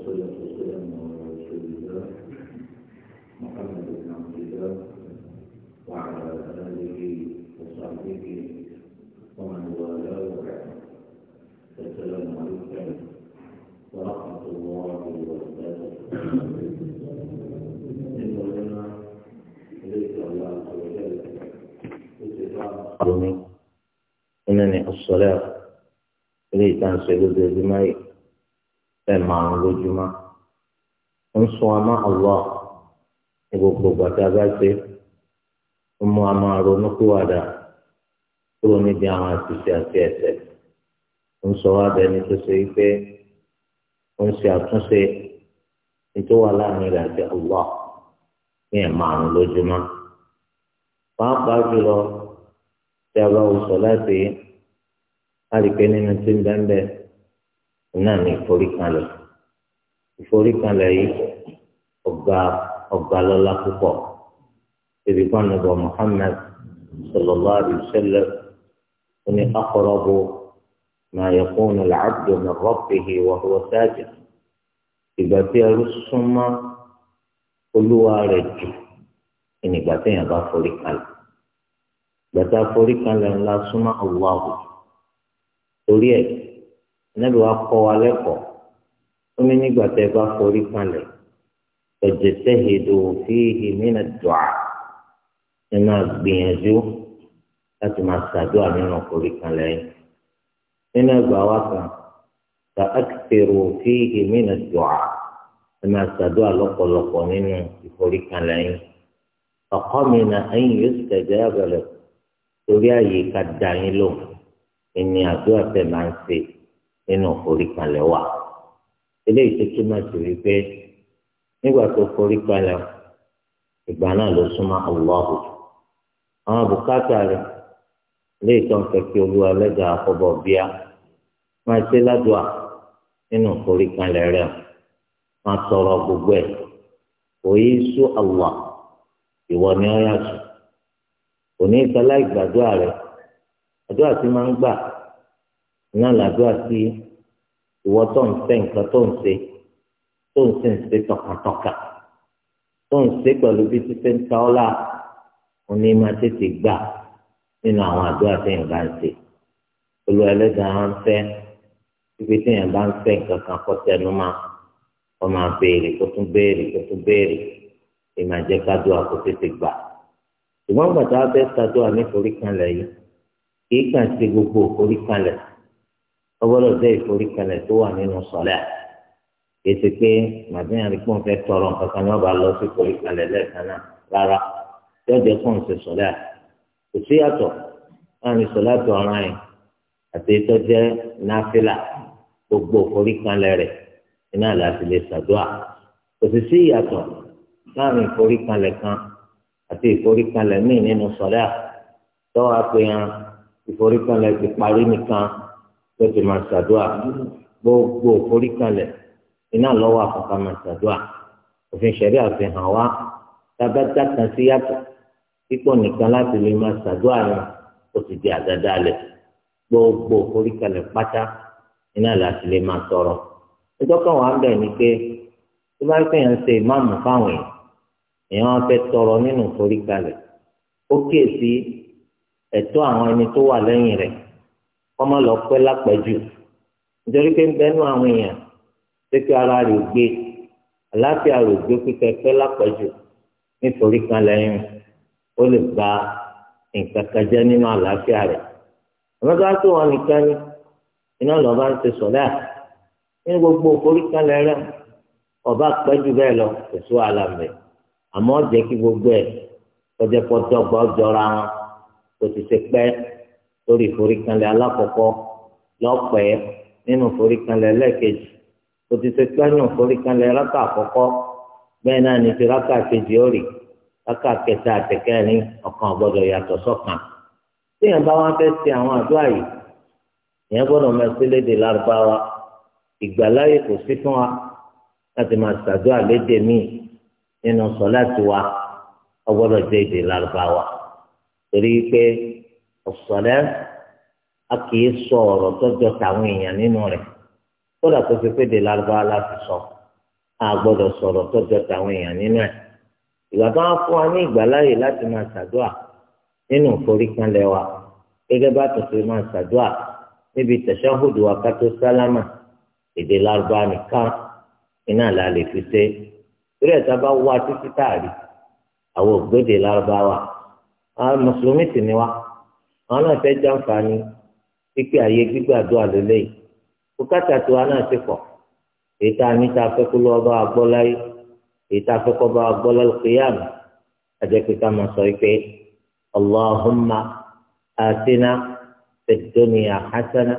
والصلاة والسلام على رسول محمد بن عبد الله وعلى آله وصحبه ومن والاه وبعد عليكم ورحمة الله وبركاته إن لنا إليك الله عز وجل اتفاق إنني الصلاة إليك أن سيدنا ẹ̀ẹ̀márùn lójúmọ́ ń sun ọmọ Allah ní gbogbo gbàtà bá ṣe ń mú ọmọ ronú kúwàdà kúrò níbi àwọn àṣìṣe àti ẹ̀ṣẹ̀ ń sọ wá bẹni tó ṣe pé ó ń ṣe àtúnṣe ètò wà láàrin rẹ̀ àti Allah ní ẹ̀ẹ̀márùn lójúmọ́ pàápàá jùlọ tí a bá wò sọ láti yìí a lè pé nínú tí ń bẹ́ẹ̀ bẹ́ẹ̀ náà ní ìforíkanlẹ̀ ìforíkanlẹ̀ yìí ọgbà ọgbà lọ́lá púpọ̀ ebi kan nàbọ Muhammad sallallahu alayhi wa sallam oní akọrọbù ma yakunu al-abdu min rabbihi wa huwa sajid ìgbà tí ẹrú súnmọ́ olúwa rẹ̀ jù ìnìgbà tí yẹn bá forí kalẹ̀ gbàtà forí kalẹ̀ ńlá súnmọ́ Allahu torí ẹ̀. Ànábì wa kọ́ wa lẹ́kọ̀ọ́ ó ní nígbà tẹ́ ẹ bá forí kalẹ̀ ẹ̀jẹ̀ tẹ́hìndò fi ìmínà dùà ẹ máa gbìyànjú láti máa ṣàdúrà nínú forí kalẹ̀ yìí. nínú ẹgbà wa kan ta akitere òfin ìmínà dùà ẹ máa ṣàdúrà lọ́pọ̀lọpọ̀ nínú ìforí kalẹ̀ yìí. ọkọ mi na ẹyin yóò sì tẹ̀jẹ́ abẹ́rẹ́ torí àyè ká da yín lò ìní àdúrà tẹ̀ máa ń ṣe. nínú forí kalẹ̀ wà eléyìí tó túmọ̀ sí wípé nígbà tó forí kalẹ̀ ìgbà náà ló súnmọ́ Allahu àwọn bùkátà rẹ̀ eléyìí tó ń olúwa lẹ́gà àkọ́bọ̀ bíá máa ṣe ládùá nínú forí kalẹ̀ rẹ̀ máa tọrọ gbogbo ẹ̀ òye sú Allah ìwọ ni ọ yà sùn òní ìtàlá ìgbàdúrà rẹ̀ àdúrà tí máa ń gbà. náà làdúrà sí ìwọ tó ń fẹ́ nǹkan tó ń ṣe tó ń ṣe ń ṣe tọkàntọkà tó ń ṣe pẹ̀lú bí títí ń ta ọ́ là òní máa tètè gbà nínú àwọn àdúrà téèyàn bá ń ṣe olú ẹlẹ́dàá ń fẹ́ ibi téèyàn bá ń fẹ́ nǹkan kan kọ́ tẹnu máa kọ́ máa béèrè kó tún béèrè kó tún béèrè ìmọ̀ àjẹ́ kádùá tètè gbà ṣùgbọ́n gbàtà bẹ́ẹ̀ kádùá nítorí kan yìí kì í kàn ṣe gbogbo òkórí ọgbọ́dọ̀ jẹ́ ìforíkalẹ̀ tó wà nínú sọ̀lá ètò pé màdínà ní kó n fẹ́ tọrọ nǹkan kan ní ọba lọ sí ìforíkalẹ̀ lẹ́ẹ̀kan náà rárá jọ́jẹ́ kó n ṣe sọ̀lá kò sí yàtọ̀ láàrin sọ̀lá tó ọ̀ràn yìí àti ètò jẹ́ náfìlà gbogbo ìforíkalẹ̀ rẹ̀ iná láti lè ṣàdúrà kò sì sí ìyàtọ̀ láàrin ìforíkalẹ̀ kan àti ìforíkalẹ̀ míì nínú sọ̀lá tọ́wọ́ àpéyàn ìforíkalẹ̀ ti parí nìkan tó ti máa ṣàdúrà gbogbo foríkalẹ̀ iná lọ́wọ́ àkọ́kọ́ máa ṣàdúrà òfin ṣẹ̀rí àfihàn wa tábàtà kan sí yàtọ̀ pípọ̀ nìkan láti lè máa ṣàdúrà yẹn ó ti di àdáda lẹ̀ gbogbo foríkalẹ̀ pátá iná láti lè máa tọrọ ìtọ́kàn wa ń bẹ̀ ni pé tó bá pè yẹn ṣe ìmáàmù fáwọn èèyàn èèyàn fẹ́ tọrọ nínú foríkalẹ̀ ó kíyèsí ẹ̀tọ́ àwọn ẹni tó wà lẹ́yìn rẹ̀ kọ́mọ lọ pẹ́ lápẹ́jù nítorí pé ń bẹ́nu àwọn èèyàn pépé ara rè gbé àláfíà rè gbé pípẹ́ pẹ́ lápẹ́jù nítorí kan lẹ́yìn ó lè gba nǹkan kan jẹ́ nínú àláfíà rẹ̀ àmọ́tá tó wọn nìkan ni iná lọ bá ń ṣe sọ̀dá ní gbogbo oríkàlẹ̀ rẹ̀ ọba pẹ́jù bẹ́ẹ̀ lọ kò sí wàhálà mẹ́ àmọ́ jẹ́ kí gbogbo ẹ̀ tọ́jẹ́pọ̀ dọ́gba ọjọ́ra wọn kò sì ṣe pẹ́ lórí ìforíkanlẹ̀ alákọ̀ọ́kọ́ lọ́pẹ́ nínú ìforíkanlẹ̀ lẹ́ẹ̀kejì ó ti ṣe pé nínú ìforíkanlẹ̀ rákà àkọ́kọ́ bẹ́ẹ̀ náà ní ti rákà kejì ó rì rákà kẹta àtẹ̀kẹ́rin ọ̀kan ọ̀gbọ́dọ̀ yàtọ̀ sọ́kan téèyàn bá wá fẹ́ ṣe àwọn àdúrà yìí èèyàn gbọ́dọ̀ máa ṣe léde lárúbáwá ìgbàláyè kò sí fún wa láti máa ṣàdúrà léde míì nínú sọ ọ̀sọ̀lẹ́ a kìí sọ ọ̀rọ̀ tọ́jọ́ tàwọn èèyàn nínú rẹ̀ kódà tó fi péde láti sọ a gbọ́dọ̀ sọ̀rọ̀ tọ́jọ́ tàwọn èèyàn nínú ẹ̀ ìgbà tó fún wa ní ìgbàláyè láti máa ṣàdúà nínú ìforíkanlẹ̀ wa gẹ́gẹ́ bá máa ṣàdúà níbi bá wá títí táàrí àwọn ògbédè wa. àwọn mùsùlùmí àwọn náà fẹ́ jàǹfààní pípé àyè gbígbàdúrà lélẹ́yìí bùkátà tó wa náà ti pọ̀ èyí tá a ní tá a fẹ́ kó lọ́wọ́ bá wa gbọ́ láyé èyí tá a fẹ́ kó bá wa gbọ́ lálùkìyàm àjẹpẹ́ ká máa sọ pé allahumma atina fid dunya hasana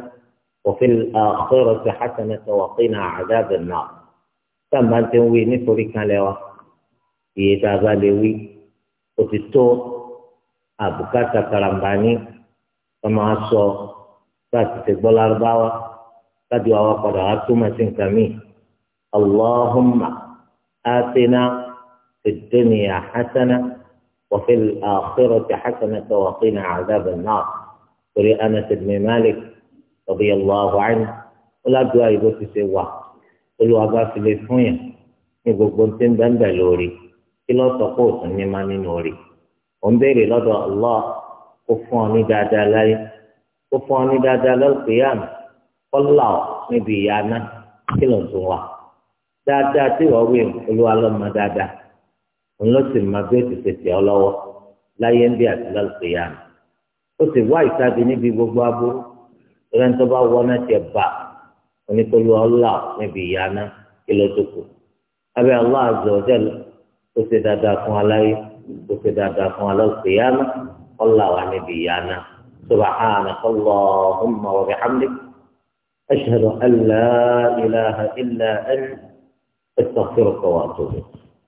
wa fil akhirati hasana wa qina adhaban nar tá a máa ti ń wí nítorí kan lẹ́wà èyí tá a bá lè wí òtítọ́ àbùkátà karambani wọn máa sọ láti tẹgbọ́ lárúbáwá láti wàá wá padà wá túmọ̀ sí nǹkan mi allahumma atina fi dunya hasana wa fil akhirati hasana wa qina adhaban nar torí anas ibn malik radiyallahu anhu ọlọ́dúnrún àyè bó ti ṣe wà olúwa bá fi lè fún yàn ní gbogbo tí ń bẹ́ẹ̀ bẹ́ẹ̀ lórí kí lọ́sọ̀kọ́ òsùn ní má nínú rí òun béèrè lọ́dọ̀ allah kó fún ọ ní dáadáa láyé kó fún ọ ní dáadáa lọ́pẹ́ yá mi kọ́lá ọ níbi ìyá náà kí ló ń tún wa dáadáa tí wọ́n wí olúwa lọ́mọ dáadáa òun ló sì máa bí ó ti tètè ọ lọ́wọ́ láyé ń bí àti lọ́pẹ́ yá ó sì wá ìsáde níbi gbogbo aburú ìrẹ́ni tó bá wọ náà tiẹ̀ bá onípolú ọlá níbi ìyá náà kí ló tó kù abẹ́ Allah azza wa jalla ó ṣe dáadáa fún aláyé ó ṣe dáadáa fún aláwọ̀ صلى ونبينا سبحانك اللهم وبحمدك أشهد أن لا إله إلا أنت استغفرك واتوب إليك